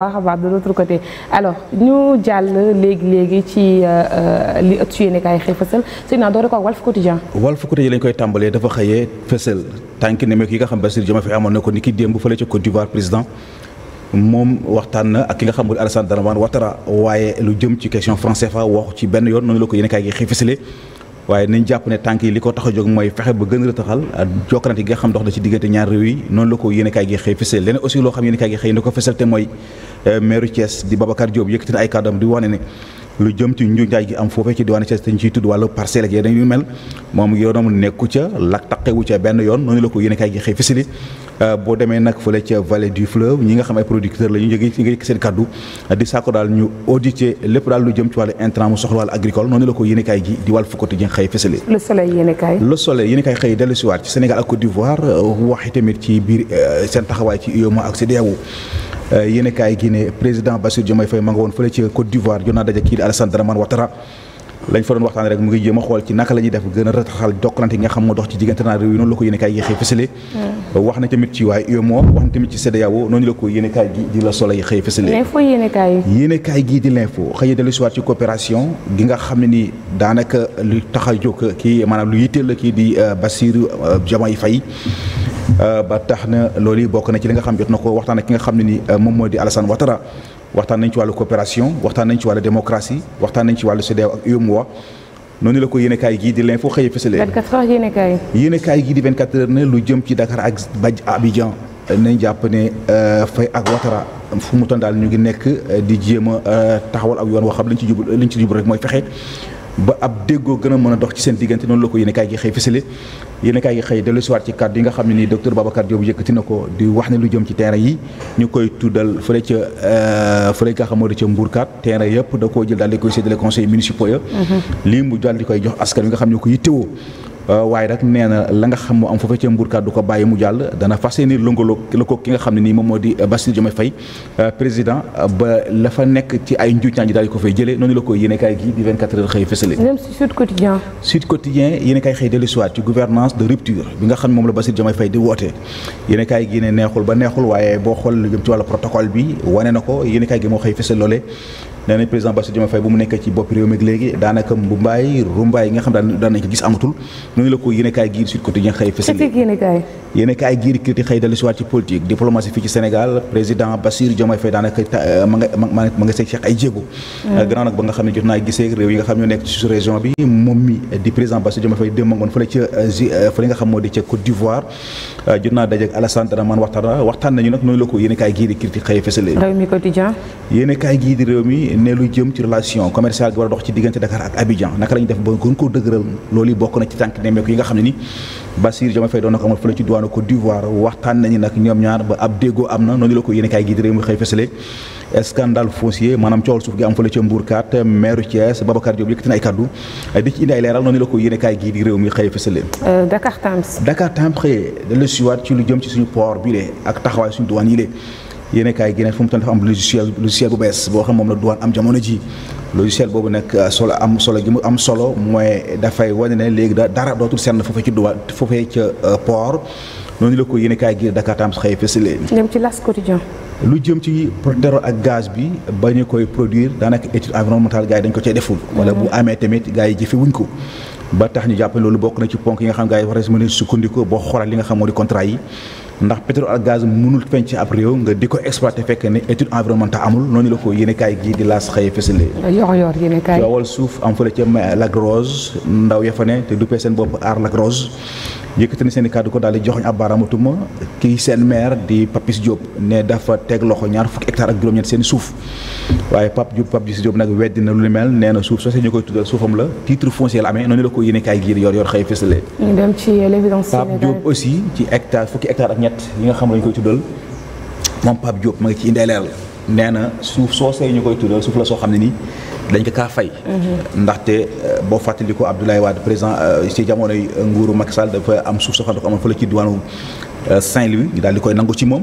baax a baax de l'autre côté alors ñu jàll léegi léegi ci euh, euh, li ëtt su yéene kaay xëy fësal sëñ naa doore ko ak Walf Quotidien Walf Quotidien lañ koy tàmbalee dafa xëyee fësal tànk ne meek yi nga xam Bassirou Diomaye ko ni ki démb fële ca Côte d'Ivoire président moom waxtaan na nga xam ne Alassane Dramane Ouattara waaye lu jëm ci question franc CFA waxu ci benn yoon noonu la ko yéene kaay gi xëy fësalee waaye ne tànk yi li ko tax a mooy fexe ba gën a rëtaxal jokkalante gi nga xam dox na ci diggante ñaar noonu la ko yéene kaay gi leneen aussi loo xam yéene kaay gi xëy na ko fësal te mooy Euh, maire Thiès di Babacar Diop yëkkati na ay kàddoom di wane ne lu jëm ci nju njaay gi am foofee ci diwaanu Thiès dañ ciy tudd wàllu parcelle ak yeneen mel moom yoonam nekku ca lak taqewu ca benn yoon noonu la ko yéen kaay gi xëy fisili euh, boo nga xam producteur la ñu jóge nga seen kaddu di saako daal ñu auditer lépp daal lu jëm ci wàllu intrant mu soxla wàllu agricole noonu la ko yéen kaay gi di wàllu fukkati ji xëy fisili le soleil yéen kaay le soleil yéen kaay xëy dellu siwaat ci Sénégal ak Côte d'Ivoire euh, waxi tamit seen taxawaay ci UEMOA Euh, yéen a kaay gi ne président Bassirou Diomaye Faye ma nga woon fële ci Côte d'Ivoire jot naa daje kii di Alassane Dramane Ouattara lañ fa doon waxtaan rek mu ngi jéem a xool ci naka la ñuy def gën a rataxal jokkalante yi nga xam moo dox ci diggante naa réew yi noonu la ko yéen gi xëy hmm. wax na tamit ci waaye UEMOA wax na tamit ci CEDEAO noonu la ko yéen kaay gi di la kaay gi di l'info xëy dellu si waat ci coopération gi nga xam ne ni daanaka lu tax a jóg kii maanaam lu yitteel la kii di euh, Bassirou euh, Diomaye Faye Euh, ba tax na loolu yi bokk na ci li nga xam jot na ko waxtaan ak ki nga xam ne ni euh, moom moo di Alassane Ouattara waxtaan nañ ci wàllu coopération waxtaan nañ ci wàllu démocratie waxtaan nañ ci wàllu CEDEAO ak UEMOA noonu la ko yéenekaay gii di l'info xëy a fësalee. 24 heures gii di 24 heures ne lu jëm ci Dakar ak Badj Abidjan nañ jàpp ne euh, fay ak Ouattara fu mu toll daal ñu ngi nekk di jéem a taxawal ak yoon woo xam liñ ci jublu liñ ci jublu rek mooy fexe ba ab déggoo gën a mën a dox ci seen diggante noonu la ko yéen a gi xëy fësale yéen a gi xëy dellu si ci kàddu yi nga xam ne nii docteur Babacar Diop yëkkati ko di wax ne lu jëm ci terrain yi ñu koy tuddal fële ca euh, fële nga xam ne ca Mbourkat terrain yëpp da koo jël daal di koy séddale conseil municipal mm-hmm. lii mu daal di koy jox askan wi nga xam ne ko yittewoo Euh, waaye rek nee na la nga xam moo am foofu ca mburkat du ko bàyyi mu jàll dana fas yéene lëngaloo lëkkoo ki nga xam ne nii moom moo di euh, Bassirou Diomaye Faye euh, président ba la fa nekk ci ay njuuj njaaj daal di ko fay jëlee noonu la ko yéene kaay gi di 24 heures xëy fësale même si Sud siwaat ci gouvernance de rupture bi nga xam ne moom la Bassirou Diomaye Faye di wootee yéene gi ne neexul ba neexul waaye boo xool lu jëm ci wàllu bi wane na ko yéene kaay gi moo xëy fësal loolee nee nañ président Bassirou Diomaye Faye bu mu nekkee ci bopp réew mi léegi daanaka mbumbaay rumbaay nga xam daan daan nañ gis amatul a kaay giir Sud Quotidien xëy a euh, mm. euh, nga xam ne jot naa gisee réew yi nga xam ñoo nekk ci région bi moom mi di président Bassirou Diomaye Fay démb ngoon fële ca euh, ca Côte d'Ivoire Euh, jot naa dajeeg Alassane dana man waxtaan waxtaan nañu nag noonu la ko yéen kaay gii di critique xëy fësale réew mi quotidien a dox ci yi bokk na ci yi nga xam ne ni Bassirou Diomaye na ko amal fële ci diwaanu Côte d'Ivoire waxtaan nañu nag ñoom ñaar ba ab déggoo am na noonu la ko yéen kaay gii di réew mi scandale foncier maanaam coowal suuf gi am fële ca Mbourkat maire Thiès Babacar Diop yëkkati na ay kaddu di ci indi ay leeral noonu la ko yéene kaay di réew mi xëye fësale euh, Dakar Times Dakar Times xëye le siwaat ci lu jëm ci suñu port bi lee ak taxawaay suñu douane yi lee yéene kaay gi nag fu mu toll am logiciel bu bees boo xam moom la douane am jamono ji logiciel boobu nag euh, solo am solo gi mu am solo mooy dafay wane ne léegi da dara dootul senn foofee ci douane foofee ca euh, noonu la ko yéen kaay gi Dakar Times xëy fësalee. dem ci las quotidien. lu jëm ci pétrole ak gaz bi ba ñu koy produire daanaka étude environnementale gars yi dañ ko cee deful. wala bu amee tamit gars yi jëfewuñ ko. ba tax ñu jàpp loolu bokk na ci ponk yi nga xam gaa yi war a mën a sukkandiku boo xoolal li nga xam di contrat yi. ndax pétrole ak gaz mënul feeñ ci ab réew nga di ko exploité fekk ne étude environnementale amul di laas xëy fësale yor-yor yéenekaay wal suuf am fële ca Lac Rose ndaw ya fa te duppee na seen i kàddu ko daal di joxoñ ab baaraamatuma kii seen noonu la ko yéenekaay gii di yor-yor xëy fësale Pape aussi ci hectare fukki hectare ak ñett yi nga xam lañu koy tuddal moom Pape Diop ma ngi ci indee leeral nee na suuf soo see ñu koy tuddal suuf la soo xam ne nii dañ ko kaa fay. Mhm. ndaxte euh, boo fàttali ko Abdoulaye Wade président euh, ci jamonoy euh, nguuru Macky dafa am suuf soo xam ne dafa amoon fële ci diwaanu Saint-Louis ñu daal di koy nangu ci moom.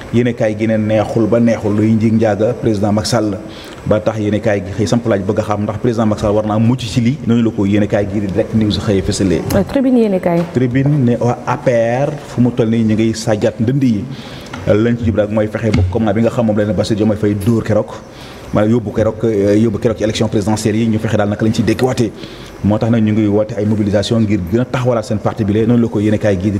yéen kaay gi ne neexul ba neexul luy njig njaaga président Macky ba tax yéen kaay gi xëy samp laaj bëgg a xam ndax président Macky war naa mucc ci lii noonu la ko yéen kaay gi di direct news euh, tribune yéen kaay. ñu ngi sajjat ndënd yi lañ ci jublu ak mooy fexe ba comment bi nga xam moom la ne Bassirou Diomaye Faye dóor keroog. maanaam yóbbu keroog euh, yi ñu fexe daal naka lañ ciy dékkiwaatee moo tax nag ñu ngi woote ngir gën a taxawalaat seen parti bi lee ko yéen a kaay gii di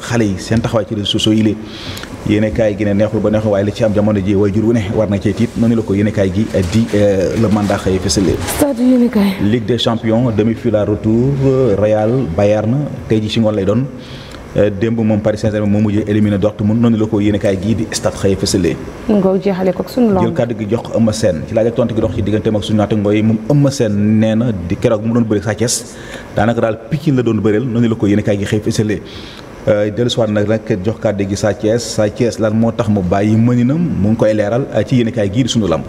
xale yi seen taxawaay ci réseaux sociaux yi gi ne neexul ba neexul waaye li ci am jamono ji way jur wu ne war na cee tiit noonu la ko yéene kaay gi di euh, le mandat xëy fësale Ligue des champions demi-finale retour euh, Real Bayern tey ji ci ngoon lay doon euh, démb moom Paris Saint-Germain moo mujjee éliminé Dortmund noonu la ko yéene kaay gii di stade xëy fësalee jël kàddu gi jox Eumeu Sène ci laaj ak tontu gi dox ci digganteem ak suñu naataangoo yi moom Eumeu Sène nee na di keroog mu doon bëri Sa Thiès daanaka daal Pikine la doon bëreel noonu la ko yéene kaay gi xëy fësalee Euh, dellusiwaat nag nag jox kàddu gi Sa Thiès Sa Thiès lan moo tax mu bàyyi mëninam mu ngi koy leeral euh, ci yéenekaay gii di sunu lamb.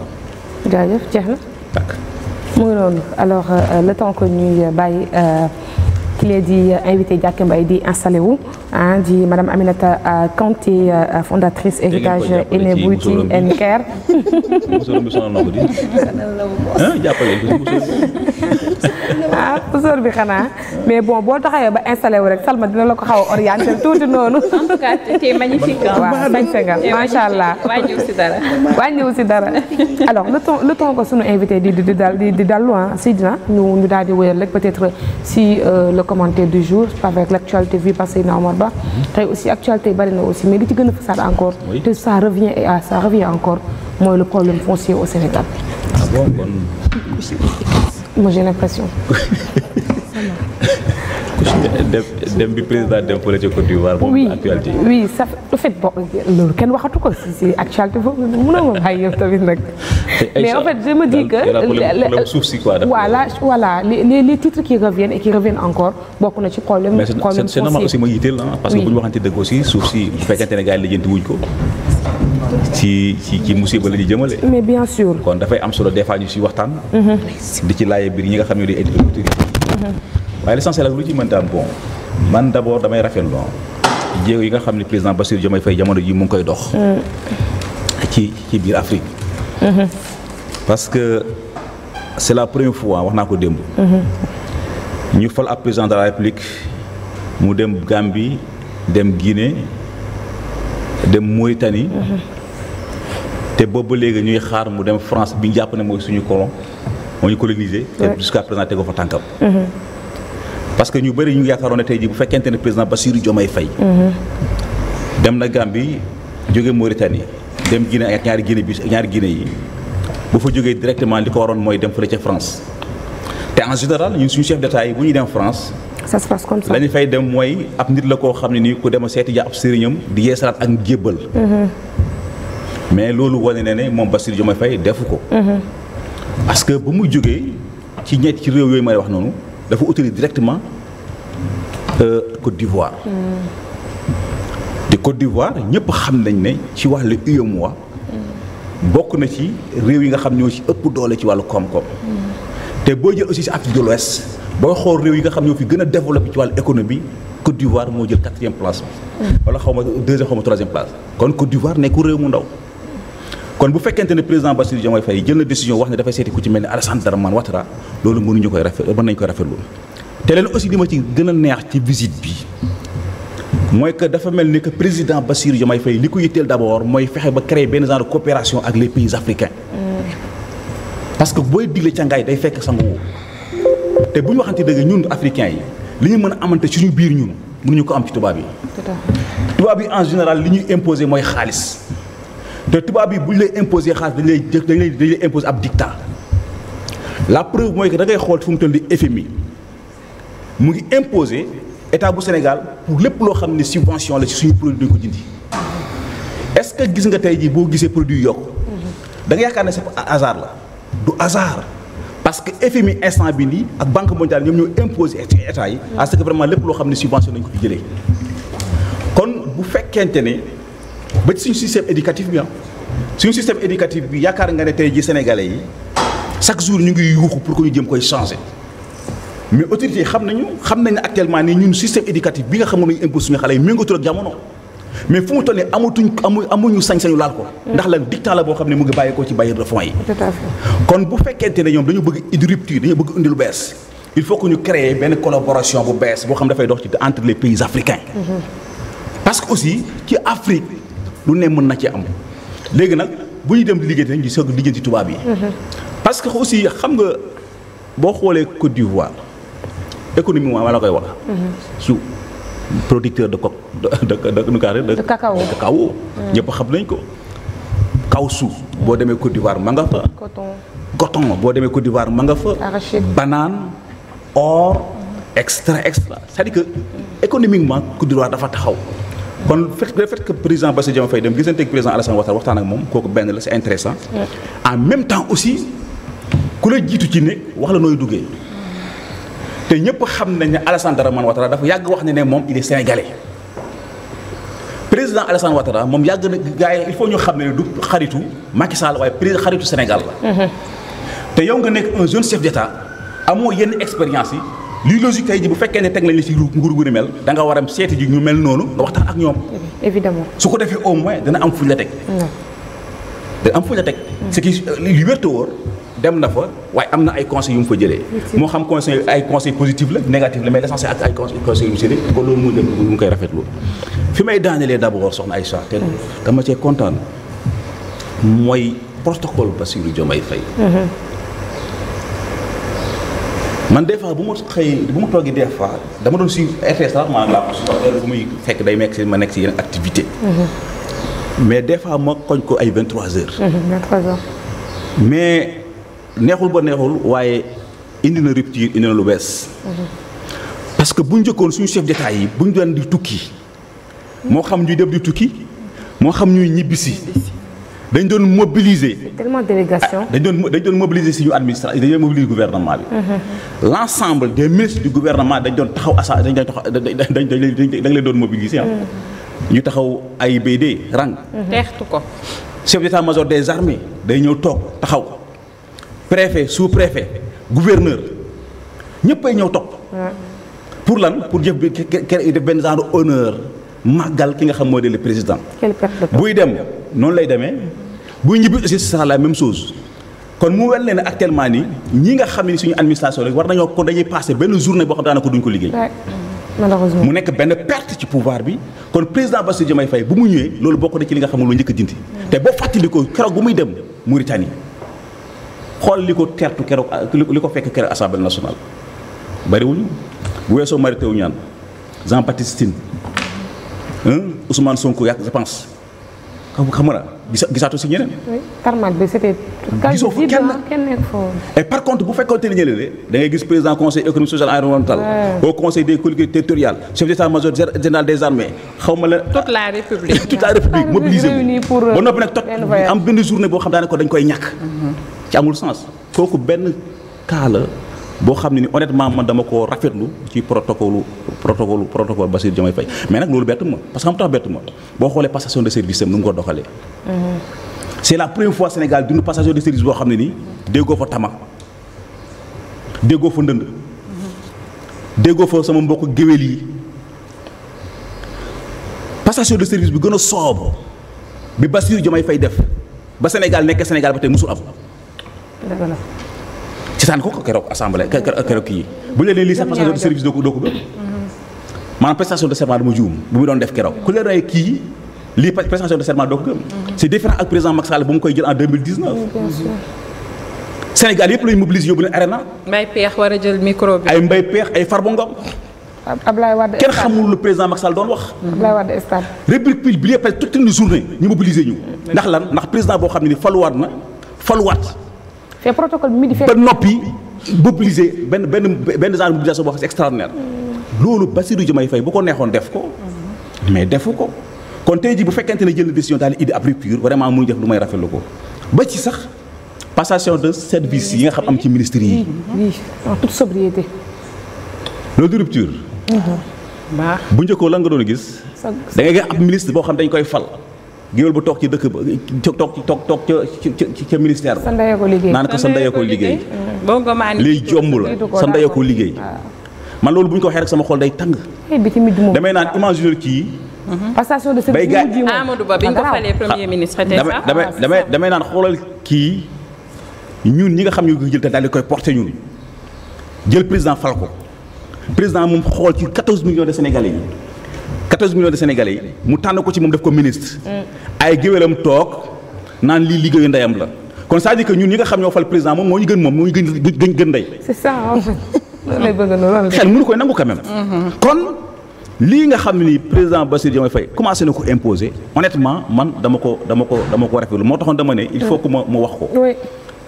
jaajëf jeex na. mu ngi noonu alors euh, le temps que ñuy bàyyi. ki di invité Diacké Mbaye di installé wu ah di madame Aminata Kanté fondatrice héritage Enebouti and Care ah sœur bi xanaa mais bon boo taxawee ba installé wu rek Salma dina la ko xaw a orienté tuuti noonu. en tout cas t'es magnifique macha allah. wàññiwu si dara. si dara alors le temps le temps que sunu invité di di dal di di dal loin si dina ñu ñu daal di wéyal rek peut-être si euh, le commentaire du jour avec l'actualité vue par na Omar Ba. Mm-hmm. tey aussi actualité yi bari na aussi mais li ci gën a fasaat encore. te sa revient et ah, ça revient encore mooy le problème foncier au Sénégal. Ah Moi, j'ai l'impression. dem bi président dem fële ca Côte d'Ivoire. oui actualité oui ça en fait bon loolu kenn waxatu ko si si actualité foofu mënoo ma bàyyi yow tamit nag. mais en fait je me dis que. problème suuf si quoi. voilà voilà les les titres qui reviennent et qui reviennent encore bokk na ci problème. problème foncier mais c'est normal aussi ma yitteel ah. parce que bu ñu waxante dëgg aussi suuf si bu fekkente ne gars yi lijjanti wuñ ko. ci ci ci musiba la ñu jëmale. mais bien sûr. kon dafay am solo des fois ñu si waxtaan. Mhm. di ci laaye biir ñi nga xam ne di ay autorité mhm. waaye l'essentiel ak yi nga xam ne président Bassirou Diomaye Faye jamono mu ngi koy dox. Mhm. ci biir Afrique. parce que la première fois wax naa ko démb. ñu fal ab président de la République mu dem Gambie dem Guinée. dem Mauritanie. te boobu ba léegi ñuy xaar mu dem France bi jàpp ne mooy suñu colon moo ñu colonisé. te jusqu'à présent tegoo fa tànkam. Mhm. parce que ñu bëri ñu yaakaaroon ne tey jii bu fekkente ne président Bassirou Diomaye Faye. Mhm. dem na Gambie jóge Mauritanie dem Guinée ak ñaari Guinée bi ak ñaari Guinée yi bu fa jógee directement li ko waroon mooy dem fële ca France te en général ñun suñu chef d'état yi bu ñuy dem France. ça se passe comme ça lañu fay dem mooy ab nit la koo xam ne nii ku dema seeti ja ab sëriñam di yeesalaat ak njébbal mm-hmm. mais loolu wane na ne moom Bassirou Diomaye Faye defu ko mm-hmm. parce que ba mu jógee ci ñett ci réew yooyu may wax noonu dafa autorise directement euh, Côte d'Ivoire mm-hmm. te Côte d'Ivoire ñëpp xam nañ ne ci wàllu UEMOA bokk na ci réew yi nga xam ñoo ci ëpp doole ci wàllu koom-koom te boo jël aussi si Afrique de boo xool réew yi nga xam ñoo fi gën a développé ci wàllu économie Côte d'Ivoire moo jël quatrième place wala xaw ma deuxième xaw ma troisième place kon Côte d'Ivoire nekkul réew mu ndaw kon bu fekkente ne président Bassirou Diomaye Faye jël na décision wax ne dafay seeti ku ci mel ne Alassane Dramane Ouattara loolu mënuñu koy rafet mën nañu koy rafetlu te leen aussi li ma ci gën a neex ci visit bi mooy que dafa mel ni que président Bassirou Diomaye fay li ko yitteel d'abord mooy fexe ba créer benn genre coopération ak les pays africains mm. parce que booy digle càngaay day fekk sangu te bu ñu waxante dëgg ñun africains yi li ñu mën a amante suñu biir ñun ñu ko am ci tubaab yi. tubaab yi en général li ñuy imposer mooy xaalis te tubaab yi bu ñu lay imposer xaalis dañu lay dañu lay dañu ab dictat la preuve mooy que da ngay xool fu mu toll di mu ngi imposer état bu Sénégal pour lépp loo xam ne subvention la ci suñu produit dañu ko jëndi est-ce que gis nga tey jii boo gisee produit yokk mm-hmm. da nga yaakaar ne c'est hasard la du hasard. parce que FMI instant bi nii ak banque mondiale ñoom ñoo imposé état yi à ce que vraiment lépp loo xam ne subvention lañ ko fi jëlee kon bu fekkente ne ba ci suñu système éducatif bi ah bi yaakaar nga ne tey ji sénégalais yi chaque jour ñu ngi yuuxu pour que ñu jëm koy changer mais autorités yi xam nañu xam nañ ne actuellement nii ñun système éducatif bi nga xam ne nañu imposé suñu xale yi méngatul ak jamono mais fu mu toll nii amatuñ amuñu sañ-sañu laal ko. Mm. ndax lan dictat la boo xam ne mu ngi bàyyi ko ci bailleurs de fonds yi. kon bu fekkente ne ñoom dañu bëgg indi rupture dañu bëgg indi lu bees. il faut ñu créer benn collaboration bu bees boo xam dafay dox ci entre les pays africains. Mm-hmm. parce que aussi ci Afrique lu ne mën na ci am. léegi nag bu ñu dem di liggéey dañuy soog liggéey ci tubaab yi. Mm-hmm. parce que aussi xam nga boo xoolee Côte d'Ivoire économie moom la koy wax. Mm-hmm. su producteur de coc de de de cacao de mm. xam nañ ko. kawsu boo demee Côte d'Ivoire ma nga fa. coton boo demee Côte d'Ivoire ma nga fa. arachide banane or. extra extra c'est-à-dire que économiquement Côte d'Ivoire dafa taxaw. kon fait le fait que président Bassirou Diomaye Faye dem gisante ak président Alassane Ouattara waxtaan ak moom kooku benn la c'est intéressant en même temps aussi ku la jiitu ci ne wax la nooy duggee. te ñëpp xam nañ ne Alassane Dramane Ouattara dafa yàgg wax ne ne moom il est sénégalais président Alassane Ouattara moom yàgg na gars yi il faut ñu xam ne du xaritu Macky Sall waaye président xaritu Sénégal la. Mhm. te yow nga nekk un jeune chef d'état amoo yenn expérience yi lii logique tey ji bu fekkee ne teg nañ la si nguur gu ni mel da nga a seeti ji ñu mel noonu nga waxtaan ak ñoom. su ko defee au moins dana am fuñ la teg. dana am fuñ la teg. ce qui euh, li dem na fa waaye am na ay conseils yu mu fa jëlee. moo xam conseil ay conseils positifs la négatifs la mais l'essentiel ak ay conseils yu mu jëlee kon loolu muy dem mu ngi koy rafetlu fi may daanelee d'abord soxna Aïcha te dama cee kontaan mooy protocole Bassirou Diomaye Faye. Uh-huh. bu ma xëy bu ma toogee des fois dama doon suivre RTS sax maa laa ko ma nekk si uh-huh. ma koñ ko ay 23 heures. 23 uh-huh, heures mais. neexul ba neexul waaye indi na rupture indi na lu bees. parce que bu njëkkoon suñu chef d'état yi bu ñu doon di tukki moo xam ñuy dem di tukki moo xam ñuy ñibbisi. dañ doon mobiliser. tellement délégation. Ah, dañ doon dañ doon mobiliser suñu administration dañ doon mobiliser gouvernement bi. Mhm. l' ensemble des dañ doon taxaw assa dañ doon taxaw dañ dañ leen doon mobiliser ah. mhm. ñu taxaw AIBD rang. Mhm. teextu ko. chef d' état major des armées day ñëw toog taxaw. préfet sous préfet gouverneur ñëppay ñëw topp. pour lan pour jëf bi def benn genre honneur màggal ki nga xam moo de le président. buy dem noonu lay demee buy ñibbi aussi c'est la même chose. kon mu wel ne actuellement nii ñi nga xam ne suñu administration rek war nañoo kon dañuy passé benn journée boo xam daanaka duñ ko liggéey. malheureusement mu nekk benn perte ci pouvoir bi kon président Bassirou Diomaye Faye bu mu ñëwee loolu bokk na ci li nga xam ne lu njëkk a dindi. te boo fàttalikoo keroog bu muy dem Mauritanie. xool li ko tertu keroog li ko fekk keroog assemblée nationale bariwuñu bu weesoo Mary Teuw Niane Jean Baptiste Tine Ousmane Sonko yàq je pense xam nga xam nga gisaatoo si ñeneen. oui Tarmac bi c'était. gisoo fa kenn et par contre bu fekkoon ne ñeneen da ngay gis président conseil économique social et environnemental. au conseil des collectivités territoriales. chef d'état-major général des armées xaw ma la. toute la république toute la république mobilisée euh, noppi nag tot am benn journée boo xam daanaka dañ koy ñàkk. Mm-hmm. ci amul sens kooku benn cas boo xam ne ni honnêtement man dama koo rafetlu ci protocole protocole protocole Bassirou Diomaye mais nag loolu bett ma parce que xam tax bett ma boo xoolee passation de service am nu mu mm-hmm. de service boo xam ne nii déggoo fa tama déggoo fa ndënd. déggoo fa sama mbokk géwél yi passation de service bi gën a soob bi Bassirou Diomaye Faye def ba Sénégal nekk Sénégal ba tey musul am. dëgg la. seetaan ko keroog assemblée keroog kii bu ñu nee lii sax passation de service doo ko doo gëm. maanaam prestation de serment dama juum bu mu doon def keroog ku la rey kii lii prestation de serment doo ko gëm. c' est différent ak président Macky bu mu koy jël en 2019. Sénégal yëpp lañu mobiliser yóbbu leen arena. Mbaye Peex war jël micro ay Mbaye Peex ay Farba Ngom. Ablaye Wade kenn xamul lu président Macky Sall doon wax. Ablaye Wade stade. rubrique bi bi yëpp toute une journée ñu mobiliser ñu. ndax lan ndax président boo xam ne faluwaat na faluwaat. fee protocole bi mi di fekk ba noppi mobiliser benn benn benn genre mobilisation boo xam ne extraordinaire. loolu Bassirou Diomaye Faye bu ko neexoon def ko. mais def ko. kon tey jii bu fekkente ne jël na décision daal di indi ab rupture vraiment muy def lu may rafetlu ko ba ci sax passation de service yi nga xam am ci ministres yi. oui en toute sobriété. loolu di rupture. Mhm. bu njëkkoo lan nga doon gis. da ngay ab ministre boo xam dañ koy fal. géwél bu toog ci dëkk ba toog toog toog ca ca ca ministère ba. naan ko sa ndey ko liggéey. liy jomb la sa ndey ko liggéey. man loolu bu ñu ko waxee rek sama xol day tàng. damay naan imaginer kii. Mm-hmm. passation de service bay gaañ Amadou Ba bi ñu ko falee premier ministre tey ah, damay naan xoolal kii ñun ñi nga xam ñu ngi jël te daal di koy porté ñun jël président fal ko président moom xool ci 14 millions de sénégalais yi. 14 millions de sénégalais yi mu tànn ko ci moom def ko ministre. Mm. ay géwélam toog naan lii liggéeyu ndeyam la kon cest à ñun ñi nga xam ñoo fal président moom moo ñu gën moom moo ñu gën gën ndey. c'est ça en fait loolu lay bëgg loolu xel mënu koy nangu quand mm-hmm. kon lii nga xam ni président Bassirou Diomaye Faye commencé na ko imposer honnêtement man dama ko dama ko dama ko rafetlu moo taxoon dama ne. il faut que ma ma wax ko.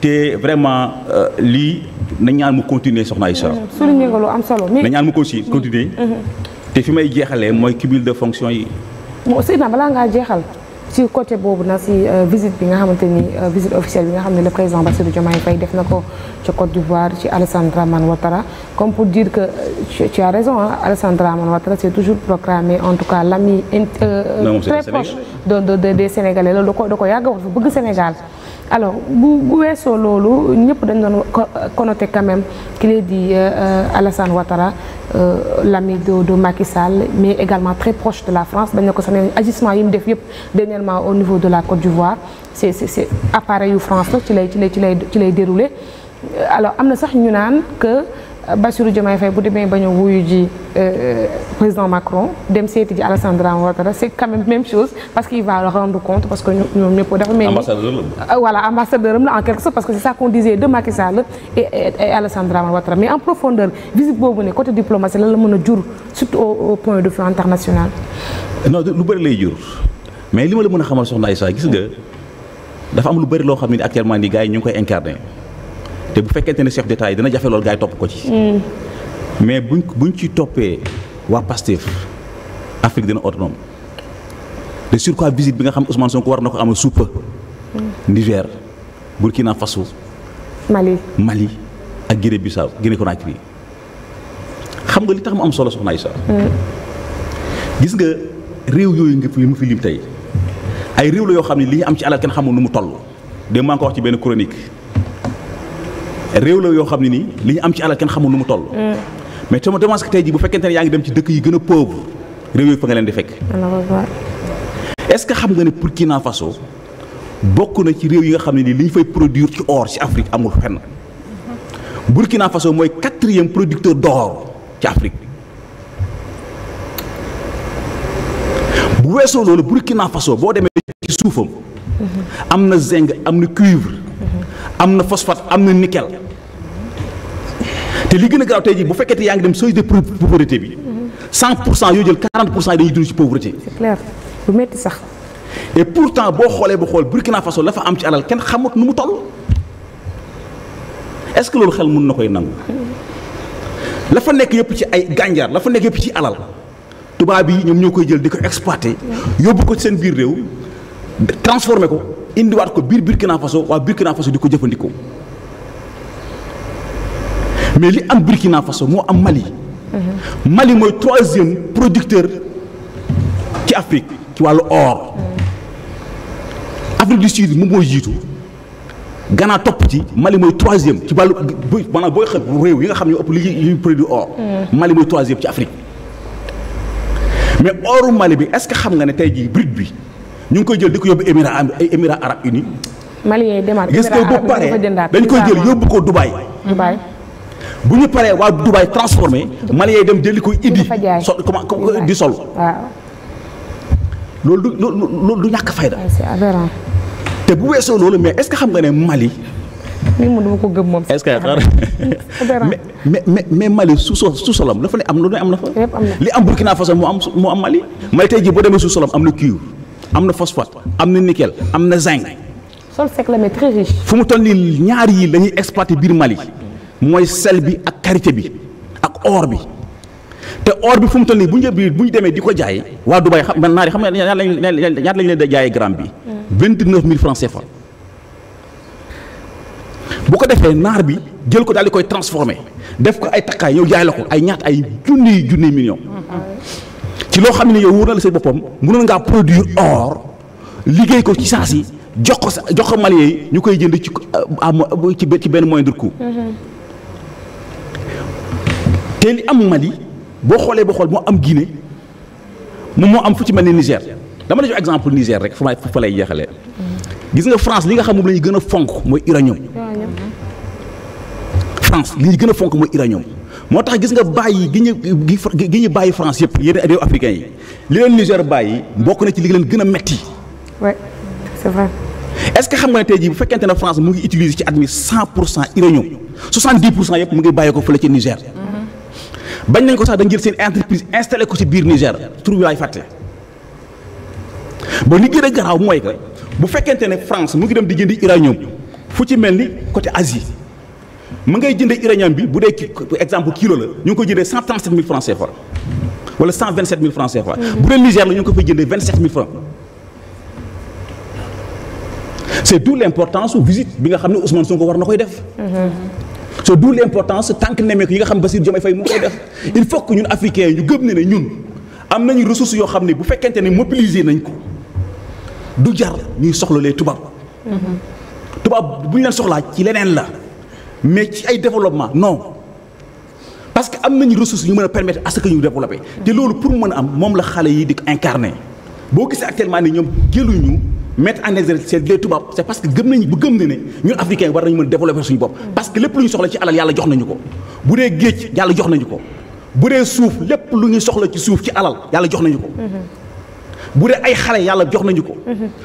te vraiment euh, lii na ñaan mu continuer soxna Aïcha. souligné nga lu am solo ñaan mu ko mm-hmm. te fi may jeexalee mooy cumul de fonction yi. Seydina balaa ngaa jeexal ci côté boobu na si euh, visite bi nga xamante ni euh, visite officielle bi nga xam ne le président Bassirou Diomaye Faye def na ko ci Côte d'Ivoire ci Alassane Dramane Ouattara comme pour dire que tu as raison hein Alassane Dramane Ouattara c'est toujours programmé en tout cas l'ami euh, très proche de de des Sénégalais loolu da ko da ko yàgg wax dafa bëgg Sénégal. alors bu bu weesoo loolu ñëpp dañ doon connoté quand même qu'il est dit euh, euh, Alassane Ouattara euh, l'ami de de Macky Sall mais également très proche de la France dañ ne ko sax ne agissement yi mu def yëpp dernièrement au niveau de la Côte d'Ivoire c'est c'est appareil yu France la ci lay ci lay ci lay ci lay déroulé alors am na sax ñu naan que. Bassirou Diomaye Faye bu demee bañ a wuyu ji euh, euh, président Macron dem seeti ji Alassane Ouattara c' est quand même chose parce que il va le rendre compte parce que ñoom ñëpp dafa mel ambassadeur la euh, la en quelque sorte parce que c' est ça qu'on disait de Macky Sall et et a jur surtout au point de vue international. non lu bëri lay jur mais li ma a xamal soxna Aïssa gis nga dafa am lu bëri loo xam ne actuellement nii gars yi ñu ngi koy incarné. te bu fekkente ne chef d'état yi dina jafe loolu yi topp ko ci. Mm. mais buñ buñ ci toppee waa Pastef Afrique dina autonome de sur quoi bi nga xam Ousmane Sonko war na ko amal suppa mm. Niger Burkina Faso. Mali Mali ak Guinée Bissau Guinée Conakry xam nga li tax mu am solo soxna Aïssa. Mm. gis nga réew yooyu nga fi mu fi tey ay réew la yoo xam ne li am ci alal kenn xamul nu mu toll. de maa ko wax ci benn chronique. réew la yoo xam ne nii li ñu am ci alal kenn xamul nu mu toll. Mm. mais te ma demence tey jii bu fekkente ne yaa ngi dem ci dëkk yi gën a pauvre réew yi fa nga leen di fekk. est-ce que xam nga ne Burkina Faso bokk na ci réew yi nga xam ne nii li ñu fay produire ci or ci Afrique amul fenn Burkina Faso mooy quatrième producteur d'or ci Afrique bu weesoo loolu Burkina Faso boo demee ci suufam. Mm-hmm. am na zinc am na cuivre. Mm-hmm. am na phosphate am na nickel. te li gën a gaaw tey jii bu fekkee te yaa ngi dem seuil de pauvreté bi 100 pour cent yoo jël 40 pour cent yi dañuy dund ci pauvreté. c'est clair sax. et pourtant boo xoolee ba xool Burkina Faso la fa am ci alal kenn xamut nu mu toll est-ce que loolu xel mun na koy nangu. la fa nekk yëpp ci ay gànjaar la fa nekk yëpp ci alal tubaab yi ñoom ñoo koy jël di ko exploité. yóbbu ko ci seen biir réew. transformé ko indiwaat ko biir Burkina Faso waa Burkina Faso di ko jëfandikoo. mais li am Burkina Faso moo am Mali. Mali mooy troisième producteur ci Afrique ci wàllu or. Afrique du Sud moom mooy jiitu Ghana topp ci Mali mooy troisième ci wàllu bu maanaam booy xam réew yi nga xam ne ëpp li ñuy produit or. Mali mooy troisième ci Afrique mais oru Mali bi est-ce que xam nga ne tey jii brique bi ñu ngi koy jël di ko yóbbu Émirats ay Émirats arabes unis. Mali yooyu demaat Émirats dañ koy jël yóbbu ko Dubaï. bu ñu paree waa Dubaay transformé mal yi dem jëli koy indi. so comment euh, di sol. loolu du loolu du ñàkk fayda. te bu weesoo loolu mais est-ce xam nga ne Mali. lii moom dama ko gëm moom. est-ce mais mais mais su so su dafa ne am lu ne am na fa. li am Burkina Faso moo am moo am Mali. Mali tey jii boo demee su solam am na cuivre am na phosphate am na nickel am na zinc. sol sec la mais fu mu toll nii ñaar yii la ñuy exploité biir Mali. mooy sel bi ak karité bi ak or bi te or bi fu mu toll nii bu ñu bi bu demee di ko jaay waa Dubaï xam man naar yi xam nga ñaata lañ leen ñaata lañ leen di jaayee gramme bi. vingt neuf mille francs CFA. bu ko defee naar bi jël ko daal di koy transformé def ko ay takkaay ñëw jaay la ko ay ñaat ay junniy junniy millions. ci loo xam ne yow wóor na la seen boppam mënoon ngaa produire or liggéey ko ci saa si jox sa jox ko Maliens yi ñu koy jënd ci euh, ci benn moyen de coût. Mm-hmm. te li am Mali boo xoolee ba xool moo am Guinée moom moo am fu ci mel ni Niger dama la jox exemple Niger rek fu may fu fa lay jeexalee. gis nga France li nga xam moom la ñu gën a fonk mooy uranium. France li ñu gën a fonk mooy uranium moo tax gis nga bàyyi gi ñu gi ñu bàyyi France yëpp yeneen réew africain yi li leen Niger bàyyi bokk na ci li leen gën a metti. ouais c'est vrai. est-ce que xam nga ne tey jii bu fekkente ne France mu ngi utiliser ci at yëpp mu ngi bàyyi ko fële ci bañ nañ ko sax dañ jël seen entreprise installé ko ci biir Niger tur bi laay fàtte ba li gën a mooy que bu fekkente ne France mu ngi dem di jëndi uranium fu ci mel ni côté Asie mu ngay jëndee uranium bi bu dee exemple kilo la ñu ngi ko jëndee 137 000 francs CFA wala 127 000 francs CFA. Mm-hmm. bu dee Niger la ñu ngi ko fay jëndee 27 000 francs. c'est d'où l'importance su bi nga xam ne Ousmane Sonko war na koy def. Mm-hmm. so d'où l'importance tànk nemmeeku yi nga xam Bassirou Diomaye Faye mu koy def il faut que ñun africains yi ñu gëm ne ne ñun am nañu ressources yoo xam ne bu fekkente ne mobiliser nañ ko du jar ñuy soxlalee tubaab. Mm-hmm. tubaab bu ñu leen soxlaa ci leneen la mais ci ay développement non. parce am am nañu ressources yu mën a permettre à ce que ñu développé te loolu pour mën a am moom la xale yi di incarné boo gisee actuellement ni ñoom jëluñu mettre en exergue c'est les tubaab c'est parce que gëm nañu bu gëm na ne ñun africains war nañu mën développer suñu bopp parce que lépp lu ñu soxla ci alal yàlla jox nañu ko bu dee géej yàlla jox nañu ko bu dee suuf lépp lu ñu soxla ci suuf ci alal yàlla jox nañu ko bu dee ay xale yàlla jox nañu ko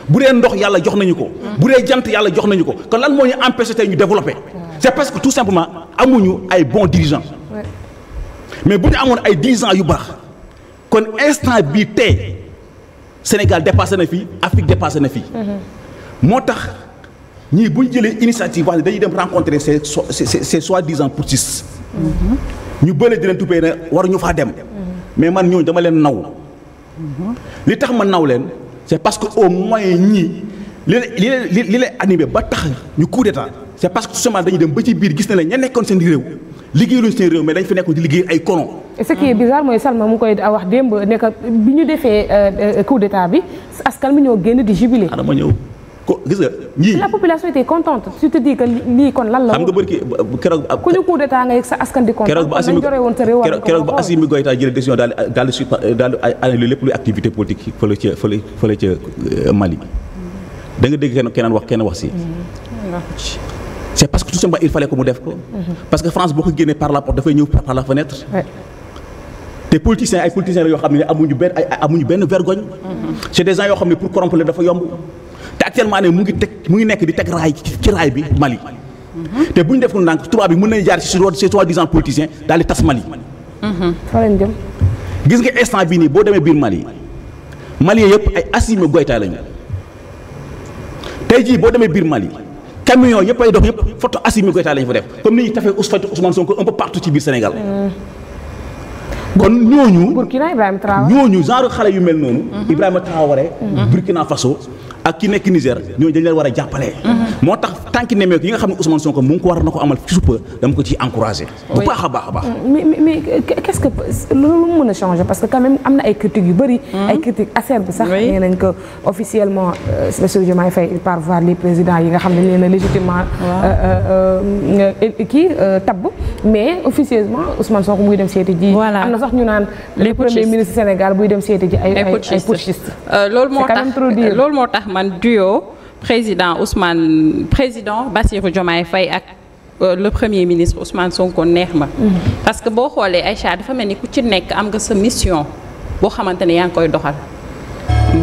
bu dee ndox yàlla jox nañu ko bu dee jant yàlla jox nañu ko kon lan moo ñu empêché ñu développer c'est parce que tout simplement amuñu ay bons dirigeants mais bu ñu amoon ay dirigeants yu baax kon instant bii tey Sénégal dépassé na fii Afrique dépassé na fii. moo tax ñii bu jëlee initiative wax ne dañuy dem rencontrer ces so ces soi-disant putschistes. ñu bële di leen na war ñu faa dem. mais man ñooñu dama leen naw. li tax ma naw leen c'est parce que au moins ñii. li leen li ba tax ñu coup d'état c' est parce que justement dañu dem ba ci biir gis na ne ña nekkoon seen réew liggéeyluñ seen réew mais dañ liggéey ay colon ce qui defee euh, euh, bi askan mi ñoo génn di jubilé. adama ñëw ko gis nga la population it contente tu te dis lii kon lan la. xam nga bëri kii keroog. ba Assimi keroog ba Assimi Goïta jëlee décision daal di daal di annulé lépp luy activité politique fële ca fële fële ca euh, Mali. danga dégg kenn keneen wax kenn wax si. c' est parce que tout simplement il fallait que mu def ko. parce que France boo ko génnee par la porte dafay ñëw par la fenêtre. te politiciens ay politiciens la yoo xam ne amuñu benn ay amuñu benn vergogne. c' des gens yoo xam ne pour corrompre dafa yomb. te actuellement ne mu ngi teg mu ngi nekk di teg raay ci raay bi Mali. te bu ñu deful ndànk tubaab bi mun nañu jaar ci soi-disant politiciens daal di tas Mali. fa lañ jëm. gis nga instant bii nii boo demee biir Mali Mali yëpp ay Assimi Goïta tey jii boo demee biir Mali camion yëpp ay dox yëpp photo Assimi mi koy taal lañu fa def comme ni ñuy tafee Ousmane Sonko un peu partout ci biir Sénégal. kon ñooñu. genre xale yu mel noonu. Mhm. Ibrahima Traoré. Mhm. Burkina Faso. ak ki nekk Niger ñooñu dañ leen war a jàppale. Mhm. moo tax tànki nemmeeku yi nga xam ne Ousmane Sonko mu ngi ko war na ko amal ci suppa dama ko ciy encouragé. bu baax a baax a baax. Mm, mais mais qu'est-ce que na ay critiques yu bëri. Mhm. ay critiques acerbes sax. oui nee nañ que euh, a légitimement. Euh, euh, muy dem seeti ji. voilà am na sax ñu naan. les premier ministre Sénégal buy dem seeti ay ay ay loolu moo tax. man duo président Ousmane président Bassirou Diomaye fay ak euh, le premier ministre Ousmane Sonko neex ma. Mm. parce que boo xoolee Aïcha dafa mel ni ku ci nekk am nga sa mission boo xamante ne yaa ngi koy doxal.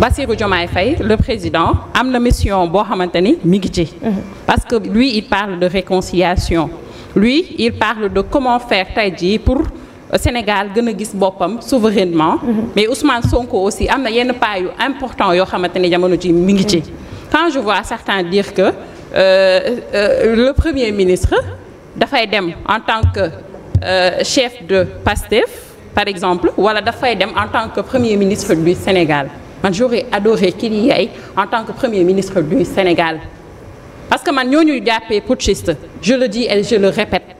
Bassirou Diomaye fay le président am na mission boo xamante ni mi ngi ci. Mm-hmm. parce que lui il parle de réconciliation lui il parle de comment faire tey jii pour. Sénégal gën a gis boppam souverainement. Mhm. mais Ousmane Sonko aussi am na yenn pas yu important yoo xamante ne jamono ji mi ngi ci. Mhm. quand je vois certains dire que euh, euh, le premier ministre dafay dem en tant que euh, chef de PASTEF par exemple wala dafay dem en tant que premier ministre du Sénégal man j'aurais adoré qu'il y ait en tant que premier ministre du Sénégal parce que man ñoo ñuy jàppee putschiste je le dis et je le répète.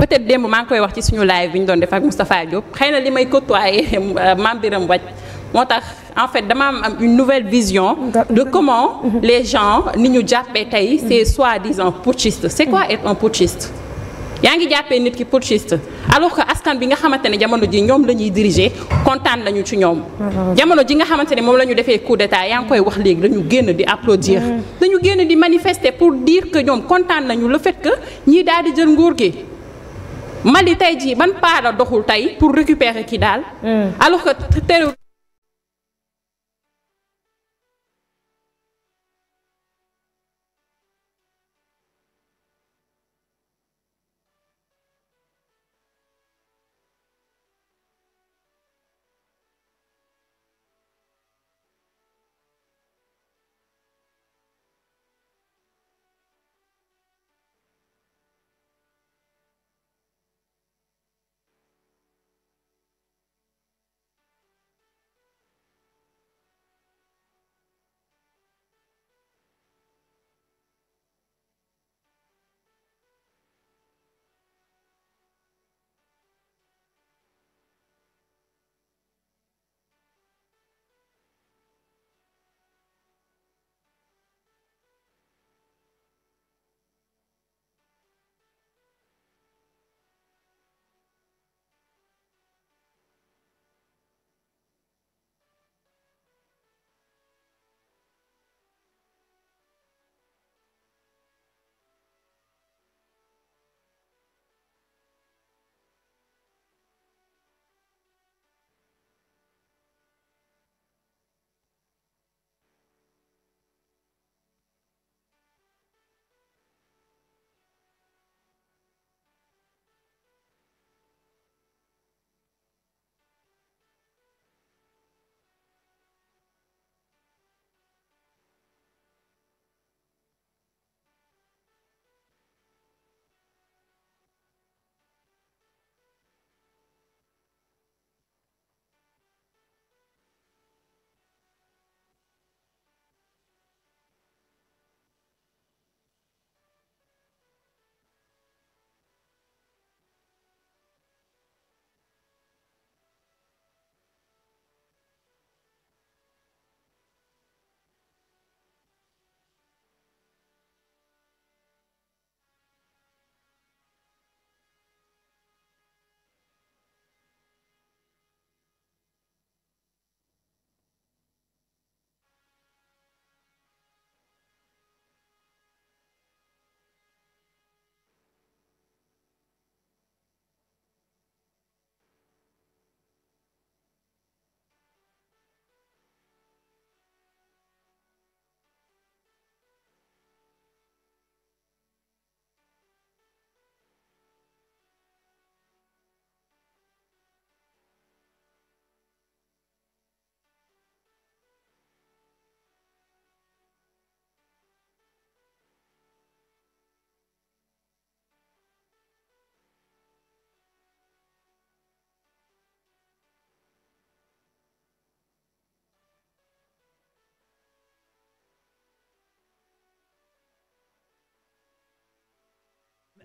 peut-être démb maa ngi koy wax ci suñu live bi ñu doon def ak Moustapha Diop xëy na li may côtoyer euh, Mame Birame Wathie moo tax en fait dama am une nouvelle vision de comment mhm. les gens ni ñu jàppee tey c'est soi-disant putschiste c'est quoi mhm. être un putschiste yaa ngi jàppee nit ki putschiste alors que askan bi nga xamante ne jamono ji ñoom la ñuy diriger kontaan lañu ci ñoom jamono ji nga xamante ne moom la ñu defee coup d'état yaa ngi koy wax léegi dañu génn di applaudir mhm. dañu génn di manifester pour dire que ñoom nañu le fait que ñii di jël nguur gi Mali tey jii ban pas doxul tey pour récupérer Kidal hmm. alors que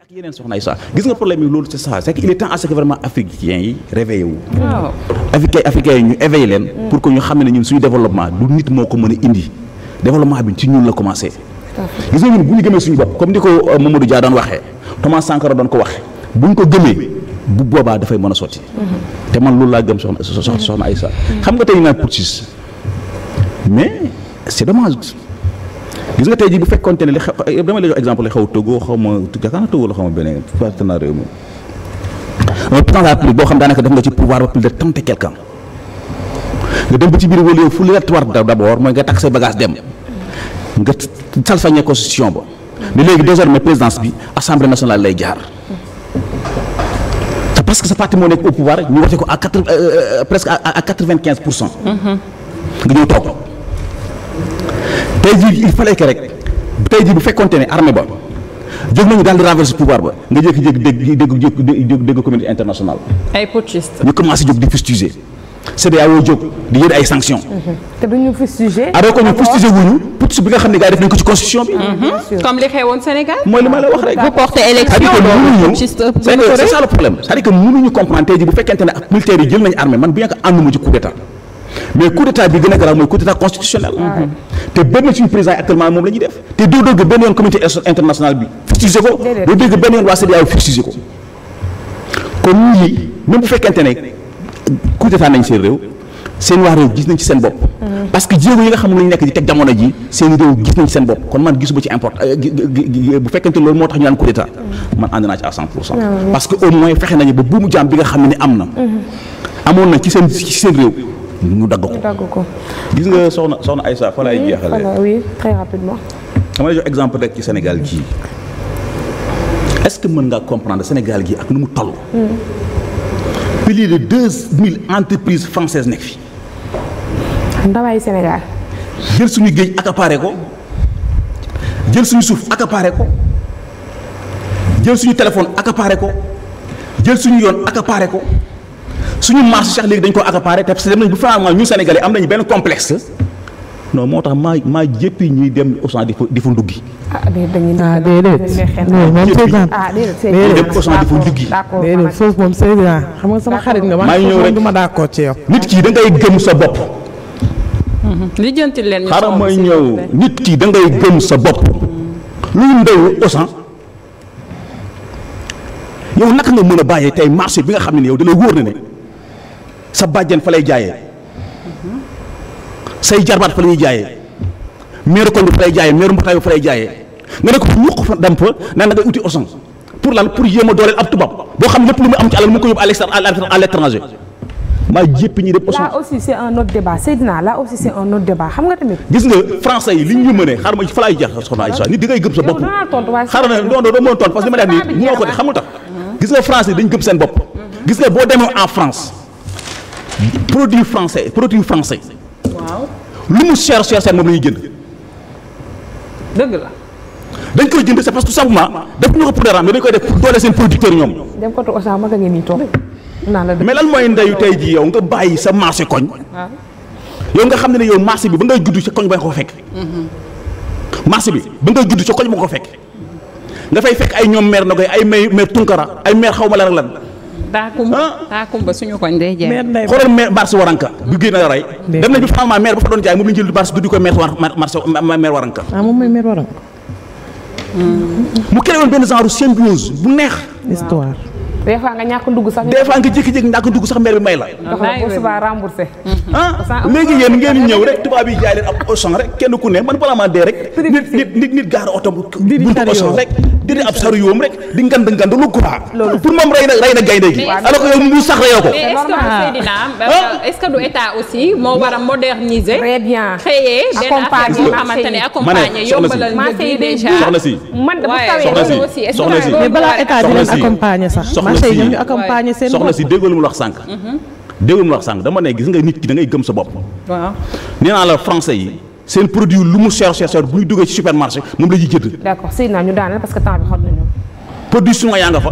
ak yeneen soxna Aïcha gis nga problème yi loolu c'est ça c'est qu'il est temps à yi réveillé wu. waaw africain africain yi ñu éveillé leen. Mm. pour que ñu xam ne ñun suñu développement du nit moo ko mën a indi développement bi ci ñun la commencé. gis nga ñun bu ñu gëmee suñu bopp comme ni ko euh, Mamadou Dia doon waxee Thomas Sankara doon ko waxee bu ñu ko gëmee bu boobaa dafay mën a sotti. Mm-hmm. te man loolu laa gëm soxna soxna mm-hmm. Aïcha. Mm-hmm. xam nga tey ñu naan putschisme gis nga tey jii bu fekkoonte ne li xew dama lay jox exemple li xew Togo xaw ma Jakarta Togo la xaw ma beneen partenaire réew de la République boo xam daanaka def nga ci pouvoir ba plus de tenter quelqu'un nga dem ba ci biir wala yow fu li la war d'abord mooy nga takk say bagage dem nga salfañee constitution ba ni léegi désormais présidence bi assemblée nationale lay jaar te parce que sa parti moo nekk au pouvoir ñu wote ko à euh, euh, presque à quatre pour cent mm-hmm. nga ñëw tey jii il fallait que rek tey jii bu fekkonte ne armée ba jóg nañu daal di renverser pouvoir ba nga jékki-jékki dégg dégg dégg communauté internationale. ay putschistes. ñu commencé jóg di fustiger CEDEAO jóg di yéen ay sanctions. Mhm. te duñu fustiger. alors que ñu fustiger bi nga xam ne gars def nañu ko ci constitution bi. Mhm. Mhm. comme li xewoon Sénégal. mooy tey jii bu fekkente ne ak militaires jël nañu armée man bien que ànduma ci coup d'état mais coup d'état bi gën a garaaw mooy coup d'état constitutionnel. Ah te benn suñu président actuellement moom la ñuy def. te doo dégg benn yoon communauté internationale bi fustigé ko. doo dégg benn yoon waa CEDEAO fustigé ko. kon ñii même bu fekkente ne coup d'état nañ seen réew seen wax réew gis nañ ci seen bopp. Mm-hmm. parce que jéego yi nga xam ne ñu nekk di teg jamono ji seen réew gis nañ ci seen bopp kon man gisuma ci import euh, bu fekkente loolu moo tax ñu naan coup d'état mm-hmm. man ànd naa ci à 100 pour cent. Ah parce que au moins fexe nañu bi mu dagg ko mu dagg ko. gis nga soxna soxna Aïssa fa laay jeexalee oui très rapidement. dama lay jox exemple rek ci Sénégal gii est-ce que mën ngaa comprendre Sénégal gii ak nu mu toll. Hmm. plus de deux mille entreprises françaises nekk fi. ndaway Sénégal. jël suñu géej a accaparé ko jël suñu suuf accaparé ko jël suñu téléphone a accaparé ko jël suñu yoon accaparé ko. suñu marché sax léegi dañ ko accaparé te parce que dem nañ bu finalement ñu Sénégalais am nañu benn complexe non moo tax maa maa jéppi ñuy dem Auchan di fa di fa nduggi. ah déedéet ah, ah déedéet foofu moom c'est bien xam nga sama xarit nga maa ngi ñëw rek du ma d'accord ci yow. nit ki da ngay gëm sa bopp. Mhm. lijjantil leen ñu xaaral ma ñëw nit ki da ngay gëm sa bopp. luy ndew Auchan yow naka nga mën a bàyyee tey marché bi nga xam ne yow da la wóor na ne. sa bàjjen fa lay jaayee say jarbaat fa la ñuy meeru koñ bi fa lay jaayee nga ne ko fu ñuq fa dem fa naan da ngay uti oson pour lan pour yéem a dooleel ab tubaab boo xam lépp lu mu am ci alal mu ko yóbbu à l'étranger maa jéppi ñi dem oson là aussi c'est un autre débat Seydina là aussi c'est un autre débat xam nga tamit gis nga français yi li ñu mënee bopp na non non doo mën seen bopp gis nga boo demee en France produit français produit français. lu mu cher cher cher moom la ñuy jënd. dëgg la. dañ koy jënd c'est parce que simplement def ñu ko pour dara mais dañ koy def pour doole seen producteur ñoom. dem ko Osa ma nga ngeen di toog. mais mooy ndeyu tey jii yow nga bàyyi sa marché koñ. yow nga xam ne ne yow marché bi ba ngay judd sa koñ ba nga ko fekk. Mhm. marché bi ba ngay judd sa koñ ba nga ko fekk. nga fay fekk ay ñoom meer na koy ay maire tunkara ay maire xaw ma lan ak lan. taakum ba suñu koñ day jaay xoolal maire marché waranka bu génn a rey dem nañ bi finalement maire ba fa doon jaay moom lañu jël marché tuddi ko maire ah, waranka mu créé benn genre symbiose bu neex histoire des fois nga ñàkk dugg sax. des fois nga jékki-jékki ñàkk dugg bi may la. Ah, léegi yéen ngeen ñëw rek tubaab yi jaay leen ab Auchan rek kenn ku ne man balaa maa dee rek. nit nit gaar oto bu. buntu Auchan rek. didi ab saru yoom rek di ngand ngand lu courant. pour moom rey na rey na gaynde gi. alors que yow mu sax reyoo ko. est ah. euh, ce que du état a moderniser. très soxna si soxna si soxna si soxna si sax. marché accompagner seen bopp soxna si déggoo lu mu wax sànq. Mhm. déggoo lu mu wax sànq dama ne gis nga nit ki dangay ngay gëm sa bopp. waaw nee naa la français yi. seen produit lu mu cher cher cher bu ñu duggee ci supermarché moom la ñuy jënd. d'accord Seydina ñu daaneel parce que temps bi xot nañu. produit suma yaa nga fa.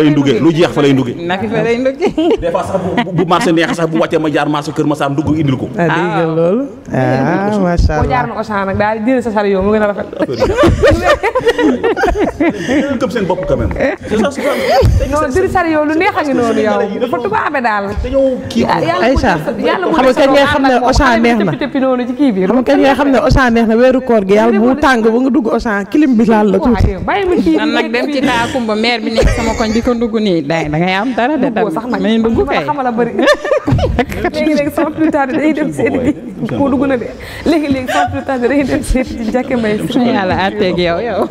lu jeex fa lay nduggee. bu bu neex sax bu wàccee ma jaar marché Kër Masar ndugg indil ko. ah dégg nga loolu. ah macha allah boo daal jël sa chariot mu gën a rafet. dinañ tëb seen bopp quand même. non diri chariot lu neex a ngi noonu yow dafa tubaabe daal. Aïcha xam nga kañ ngay xam ne Auchan a na xam nga kañ ngay neex na weeru koor gi yàlla bu tàng ba nga dugg Auchan clim bi laal la tuuti. bàyyi ma kii nag dem ci taa kumba maire bi nekk sama koñ di ko ko dugg nii da ngay am dara de tam nañ dugg kay xamal a bëri léegi léegi sans plus tard dañuy dem seeti ji koo dugg na de léegi léegi dem seeti ji jàkke mbay si yàlla àtteeg yow